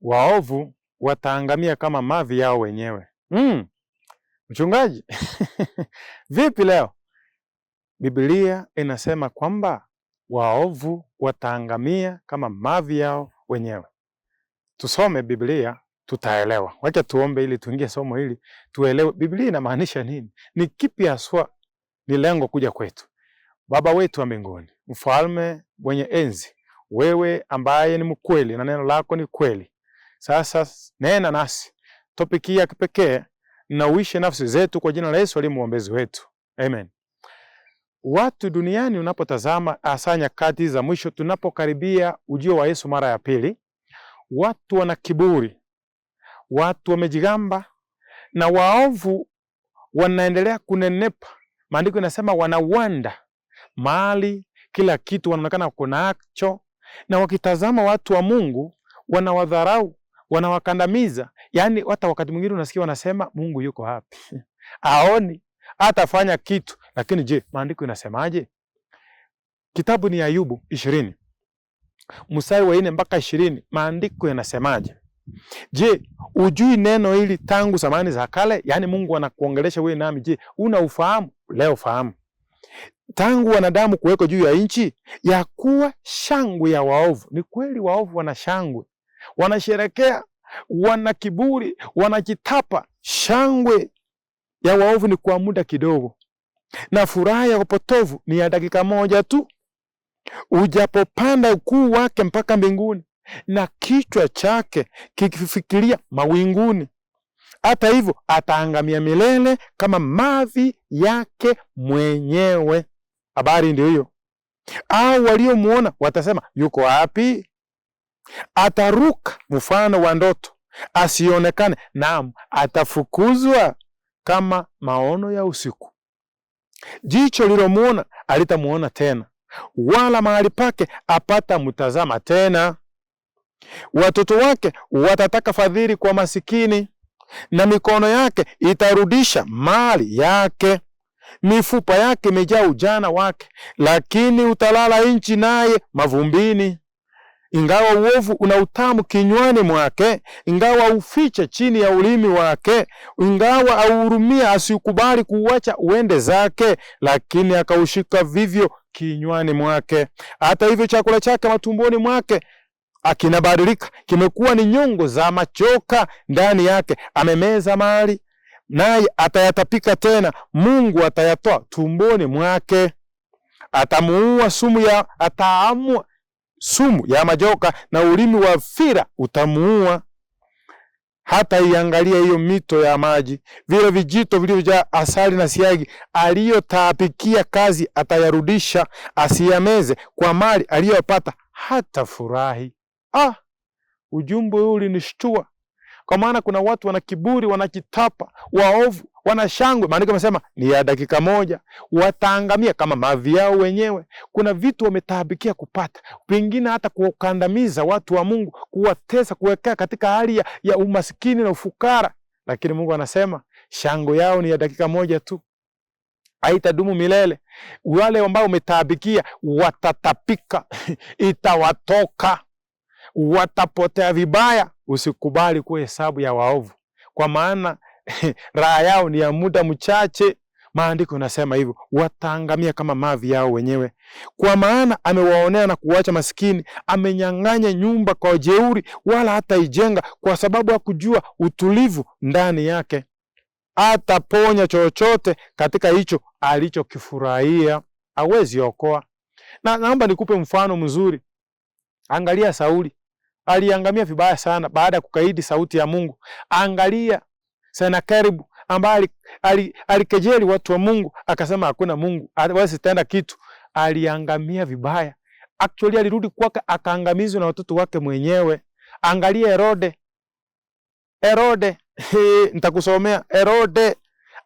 waovu wataangamia kama mavi yao wenyewe. Mm, mchungaji vipi leo? Biblia inasema kwamba waovu wataangamia kama mavi yao wenyewe. Tusome Biblia tutaelewa. Wacha tuombe ili tuingie somo hili tuelewe Biblia inamaanisha nini, ni kipi haswa ni lengo kuja kwetu. Baba wetu wa mbinguni, mfalme mwenye enzi, wewe ambaye ni mkweli na neno lako ni kweli, sasa nena nasi topiki ya kipekee na uishe nafsi zetu kwa jina la Yesu aliye mwombezi wetu Amen. Watu duniani unapotazama, hasa nyakati za mwisho tunapokaribia ujio wa Yesu mara ya pili, watu wana kiburi, watu wamejigamba na waovu wanaendelea kunenepa. Maandiko inasema wanawanda mali, kila kitu wanaonekana kunacho, na wakitazama watu wa Mungu wanawadharau wanawakandamiza. Yani hata wakati mwingine unasikia wanasema Mungu yuko wapi? Aoni, atafanya kitu. Lakini je, maandiko inasemaje? Kitabu ni Ayubu ishirini mstari wa nne mpaka ishirini maandiko yanasemaje? Je, ujui neno hili tangu zamani za kale? Yaani Mungu anakuongelesha wewe nami. Je, una ufahamu? Leo fahamu tangu wanadamu kuweko juu ya nchi, ya kuwa shangwe ya waovu. Ni kweli waovu wana shangwe, wanasherekea, wana kiburi, wanajitapa. Shangwe ya waovu ni kwa muda kidogo, na furaha ya upotovu ni ya dakika moja tu, ujapopanda ukuu wake mpaka mbinguni na kichwa chake kikifikiria mawinguni. Hata hivyo ataangamia milele kama mavi yake mwenyewe. Habari ndio hiyo. Au waliomwona watasema yuko wapi? ataruka mfano wa ndoto asionekane, naam, atafukuzwa kama maono ya usiku. Jicho lilomuona alitamuona tena, wala mahali pake apata mtazama tena. Watoto wake watataka fadhili kwa masikini, na mikono yake itarudisha mali yake. Mifupa yake imejaa ujana wake, lakini utalala nchi, naye mavumbini ingawa uovu una utamu kinywani mwake, ingawa uficha chini ya ulimi wake, ingawa auhurumia, asiukubali kuuacha uende zake, lakini akaushika vivyo kinywani mwake. Hata hivyo chakula chake matumboni mwake akinabadilika, kimekuwa ni nyungu za machoka ndani yake. Amemeza mali naye atayatapika tena, Mungu atayatoa tumboni mwake. Atamuua sumu ya ataamua sumu ya majoka na ulimi wa fira utamuua. Hata iangalia hiyo mito ya maji, vile vijito vilivyojaa asali na siagi, aliyotaapikia kazi atayarudisha, asiyameze kwa mali aliyopata hata furahi. Ah, ujumbe huu ulinishtua. Kwa maana kuna watu wana kiburi, wanajitapa, waovu, wana shangwe. Maandiko yamesema ni ya dakika moja, wataangamia kama mavi yao wenyewe. Kuna vitu wametaabikia kupata, pengine hata kuwakandamiza watu wa Mungu, kuwatesa, kuwekea katika hali ya, ya umasikini na ufukara. Lakini Mungu anasema shangwe yao ni ya dakika moja tu, haitadumu milele. Wale ambao umetaabikia watatapika, itawatoka watapotea vibaya. Usikubali kuwa hesabu ya waovu, kwa maana raha yao ni ya muda mchache. Maandiko nasema hivyo, wataangamia kama mavi yao wenyewe, kwa maana amewaonea na kuwacha masikini, amenyang'anya nyumba kwa jeuri, wala hata ijenga kwa sababu ya kujua utulivu ndani yake. Ataponya chochote katika hicho alichokifurahia, hawezi okoa. Na naomba nikupe mfano mzuri. Angalia Sauli, aliangamia vibaya sana baada ya kukaidi sauti ya Mungu. Angalia Senakeribu ambaye alikejeli ali, ali watu wa Mungu akasema hakuna Mungu, wasi tenda kitu, aliangamia vibaya. Actually alirudi kwake akaangamizwa na watoto wake mwenyewe. Angalia Herode. Herode nitakusomea. Herode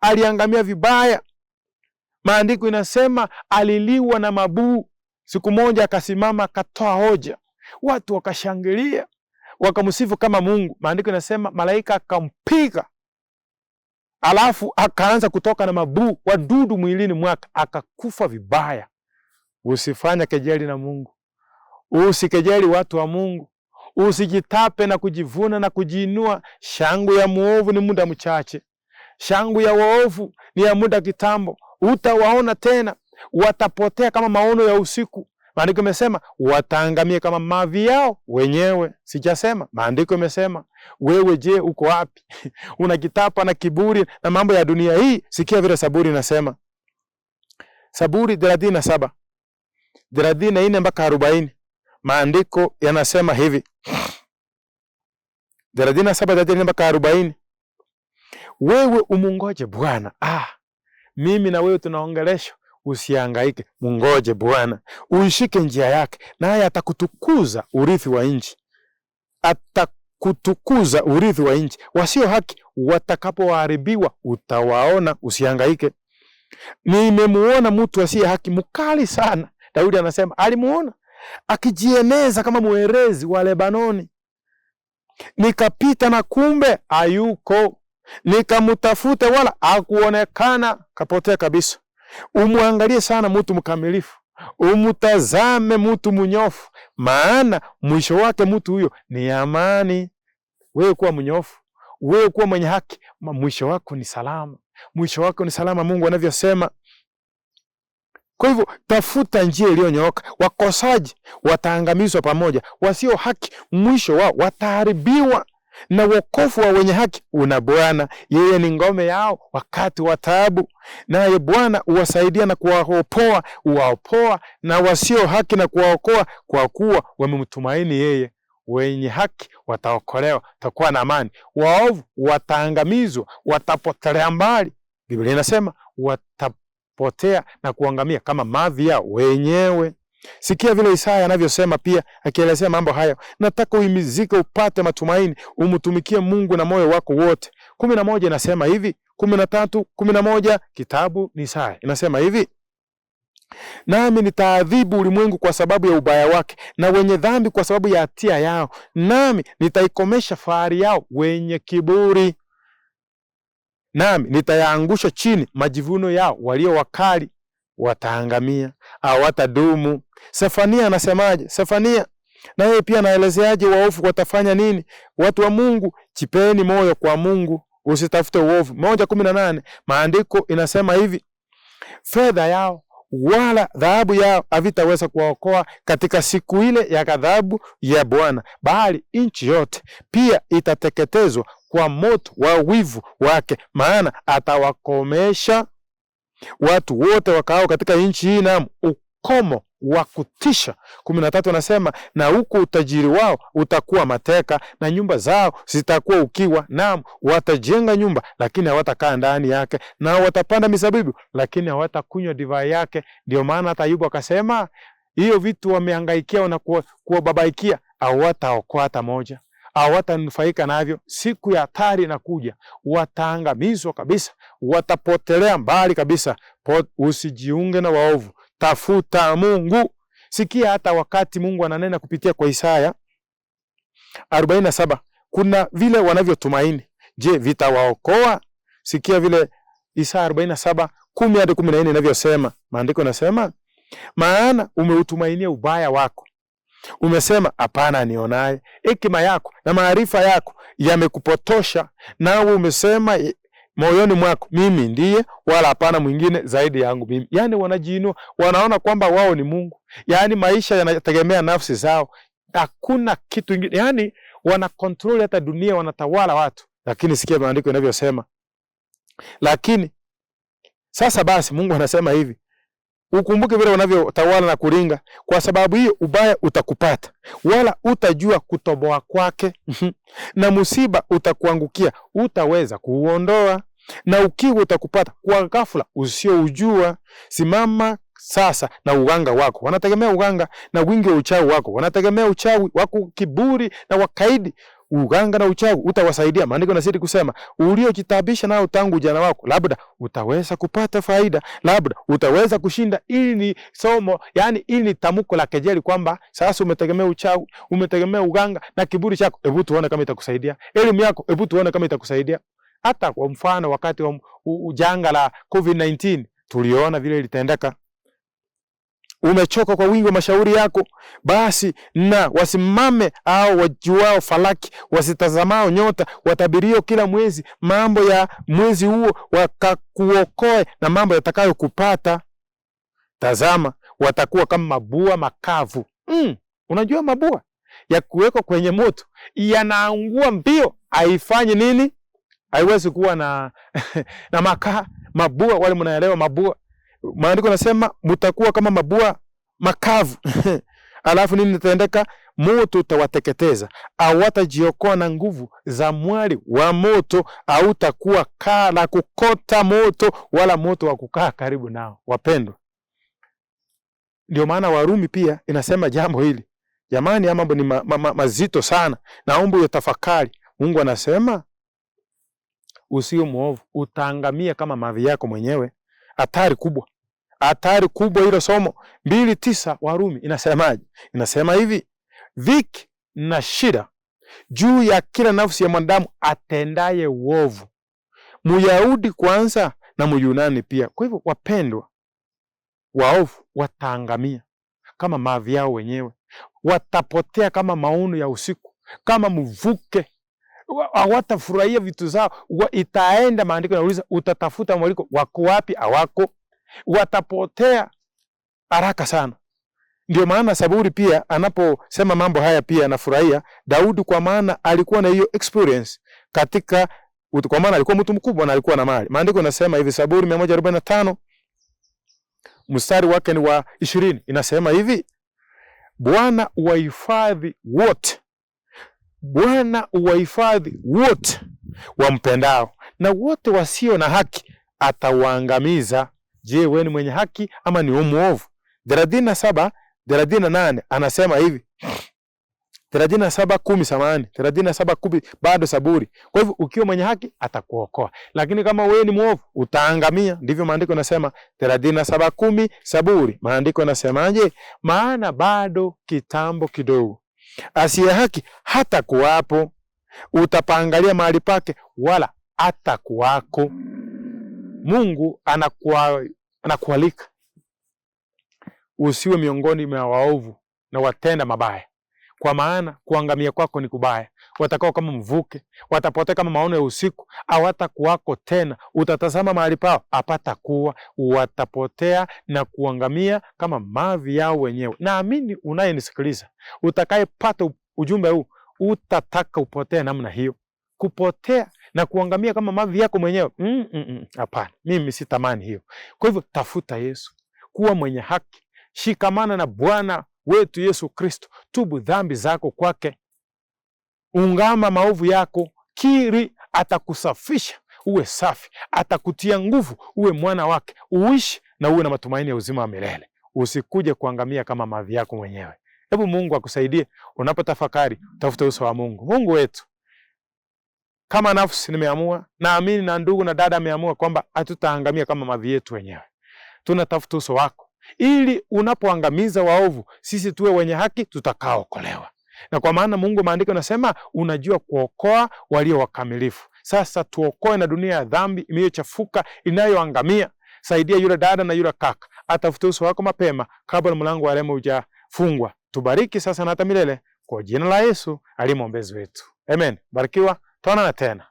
aliangamia vibaya. Maandiko inasema aliliwa na mabuu. Siku moja akasimama akatoa hoja watu wakashangilia, wakamsifu kama Mungu. Maandiko inasema malaika akampiga, alafu akaanza kutoka na mabuu wadudu mwilini mwake, akakufa vibaya. Usifanya kejeli na Mungu, usikejeli watu wa Mungu, usijitape na kujivuna na kujiinua. Shangu ya mwovu ni muda mchache, shangu ya waovu ni ya muda kitambo, utawaona tena, watapotea kama maono ya usiku. Maandiko imesema wataangamia kama mavi yao wenyewe. Sijasema, maandiko imesema. Wewe je, uko wapi? una kitapa na kiburi na mambo ya dunia hii? Sikia vile Saburi inasema, Saburi thelathini na saba thelathini na nne mpaka arobaini maandiko yanasema hivi thelathini na saba thelathini mpaka arobaini wewe umungoje Bwana. Ah, mimi na wewe tunaongeleshwa usiangaike mungoje Bwana, uishike njia yake, naye atakutukuza urithi wa nchi, atakutukuza urithi wa nchi. Wasio haki watakapoharibiwa utawaona, usiangaike Nimemuona mtu asiye haki mkali sana, Daudi anasema alimuona akijieneza kama mwerezi wa Lebanoni, nikapita na kumbe hayuko, nikamutafute wala akuonekana kapotea kabisa. Umwangalie sana mutu mkamilifu, umutazame mutu mnyofu, maana mwisho wake mutu huyo ni amani. Wewe kuwa mnyofu, wewe kuwa mwenye haki, mwisho wako ni salama, mwisho wako ni salama, Mungu anavyosema. Kwa hivyo tafuta njia iliyonyooka. Wakosaji wataangamizwa pamoja, wasio haki mwisho wao wataharibiwa na wokovu wa wenye haki una Bwana. Yeye ni ngome yao wakati wa taabu, naye Bwana uwasaidia na kuwaopoa, uwaopoa na wasio haki na kuwaokoa, kwa kuwa wamemtumaini yeye. Wenye haki wataokolewa, watakuwa na amani. Waovu wataangamizwa, watapotelea mbali. Biblia inasema watapotea na kuangamia kama mavi yao wenyewe. Sikia vile Isaya anavyosema pia akielezea mambo hayo, nataka uimizike, upate matumaini, umtumikie Mungu na moyo wako wote. kumi na moja inasema hivi, kumi na tatu kumi na moja kitabu ni Isaya inasema hivi, nami nitaadhibu ulimwengu kwa sababu ya ubaya wake, na wenye dhambi kwa sababu ya hatia yao, nami nitaikomesha fahari yao wenye kiburi, nami nitayaangusha chini majivuno yao walio wakali wataangamia au watadumu. Sefania anasemaje? Sefania na yeye pia anaelezeaje waovu watafanya nini? Watu wa Mungu, chipeni moyo kwa Mungu, usitafute uovu. moja kumi na nane maandiko inasema hivi, fedha yao wala dhahabu yao havitaweza kuwaokoa katika siku ile ya ghadhabu ya Bwana, bali nchi yote pia itateketezwa kwa moto wa wivu wake, maana atawakomesha watu wote wakaao katika nchi hii, naam, ukomo wa kutisha. kumi na tatu anasema na huko utajiri wao utakuwa mateka na nyumba zao zitakuwa ukiwa, naam, watajenga nyumba lakini hawatakaa ndani yake, na watapanda mizabibu lakini hawatakunywa divai yake. Ndio maana hata Ayubu akasema hiyo vitu wamehangaikia na kuwababaikia hawataokoa hata moja hawatanufaika navyo. Siku ya hatari inakuja, wataangamizwa kabisa, watapotelea mbali kabisa. Pot, Usijiunge na waovu, tafuta Mungu. Sikia hata wakati Mungu ananena kupitia kwa Isaya 47 kuna vile wanavyotumaini. Je, vitawaokoa? Sikia vile Isaya 47 kumi hadi kumi na nne inavyosema. Maandiko nasema, maana umeutumainia ubaya wako Umesema hapana, nionaye hekima yako na maarifa yako yamekupotosha, nawe umesema eh, moyoni mwako, mimi ndiye wala hapana mwingine zaidi yangu mimi. Yaani wanajiinua, wanaona kwamba wao ni Mungu, yaani maisha yanategemea nafsi zao, hakuna kitu kingine, yaani wanakontroli hata dunia, wanatawala watu. Lakini sikia maandiko inavyosema, lakini sasa basi Mungu anasema hivi ukumbuke vile unavyotawala na kuringa. Kwa sababu hiyo ubaya utakupata, wala utajua kutoboa kwake mhm. na musiba utakuangukia, utaweza kuuondoa na ukiwa utakupata kwa ghafla usioujua. Simama sasa na uganga wako, wanategemea uganga na wingi wa uchawi wako, wanategemea uchawi wako, kiburi na wakaidi. Uganga na uchawi utawasaidia? Maandiko nasiri kusema uliojitabisha nao tangu ujana wako, labda utaweza kupata faida, labda utaweza kushinda. Ili ni somo, yani ili ni tamko la kejeli kwamba sasa umetegemea uchawi, umetegemea uganga na kiburi chako. Hebu tuone kama itakusaidia elimu yako, hebu tuone kama itakusaidia. Hata kwa mfano wakati wa ujanga la COVID-19 tuliona vile ilitendeka umechoka kwa wingi wa mashauri yako, basi na wasimame au wajuao falaki, wasitazamao nyota, watabirio kila mwezi mambo ya mwezi huo, wakakuokoe na mambo yatakayokupata. Tazama, watakuwa kama mabua makavu. Mm, unajua mabua ya kuwekwa kwenye moto yanaangua mbio, haifanyi nini? Haiwezi kuwa na na makaa. Mabua wale mnaelewa mabua maandiko nasema mutakuwa kama mabua makavu alafu nini nitaendeka? Moto utawateketeza, awatajiokoa na nguvu za mwali wa moto, au takuwa kaa la kukota moto, wala moto wa kukaa karibu nao. Wapendwa, ndio maana Warumi pia inasema jambo hili. Jamani, ya mambo ni ma, ma, ma, mazito sana, naomba hiyo tafakari. Mungu anasema usio mwovu utaangamia kama mavi yako mwenyewe hatari kubwa, hatari kubwa hilo somo. mbili tisa Warumi inasemaje? Inasema hivi, dhiki na shida juu ya kila nafsi ya mwanadamu atendaye uovu, Muyahudi kwanza na Muyunani pia. Kwa hivyo, wapendwa, waovu wataangamia kama mavi yao wenyewe, watapotea kama maono ya usiku, kama mvuke hawatafurahia vitu zao, itaenda maandiko nauliza, utatafuta mwaliko, wako wapi? Awako, watapotea haraka sana. Ndio maana Saburi pia anaposema mambo haya pia anafurahia Daudi, kwa maana alikuwa na hiyo experience katika, kwa maana alikuwa mtu mkubwa na alikuwa na mali. Maandiko nasema hivi, Saburi 145 mstari wake ni wa 20, inasema hivi Bwana wahifadhi wote Bwana uwahifadhi wote wampendao, na wote wasio na haki atawaangamiza. Je, wewe ni mwenye haki ama ni mwovu? thelathini na saba thelathini na nane anasema hivi thelathini na saba kumi samani thelathini na saba kumi bado saburi. Kwa hivyo ukiwa mwenye haki atakuokoa, lakini kama wewe ni mwovu utaangamia. Ndivyo maandiko yanasema, thelathini na saba kumi saburi. Maandiko yanasemaje? Maana bado kitambo kidogo asiye haki hata kuwapo, utapaangalia mahali pake wala hata kuwako. Mungu anakuwa, anakualika usiwe miongoni mwa waovu na watenda mabaya, kwa maana kuangamia kwako ni kubaya watakao kama mvuke, watapotea kama maono ya usiku, hawatakuwako tena. Utatazama mahali pao, apata kuwa Watapotea na kuangamia kama mavi yao wenyewe. Naamini unayenisikiliza, utakayepata ujumbe huu utataka upotea namna hiyo, kupotea na kuangamia kama mavi yako mwenyewe. Mm -mm, hapana, mimi sitamani hiyo. Kwa hivyo tafuta Yesu, kuwa mwenye haki, shikamana na Bwana wetu Yesu Kristo, tubu dhambi zako kwake ungama maovu yako, kiri, atakusafisha uwe safi, atakutia nguvu, uwe mwana wake, uishi na uwe na matumaini ya uzima wa milele, usikuje kuangamia kama mavi yako mwenyewe. Hebu Mungu akusaidie unapotafakari, tafuta uso wa Mungu. Mungu wetu, kama nafsi nimeamua, naamini na ndugu na dada ameamua kwamba hatutaangamia kama mavi yetu wenyewe, tunatafuta uso wako ili unapoangamiza waovu, sisi tuwe wenye haki tutakaookolewa na kwa maana Mungu maandiko anasema unajua kuokoa walio wakamilifu. Sasa tuokoe na dunia ya dhambi iliyochafuka inayoangamia. Saidia yule dada na yule kaka, atafute uso wako mapema kabla mlango wa rehema hujafungwa. Tubariki sasa na hata milele, kwa jina la Yesu aliye mwombezi wetu, amen. Barikiwa, tutaonana tena.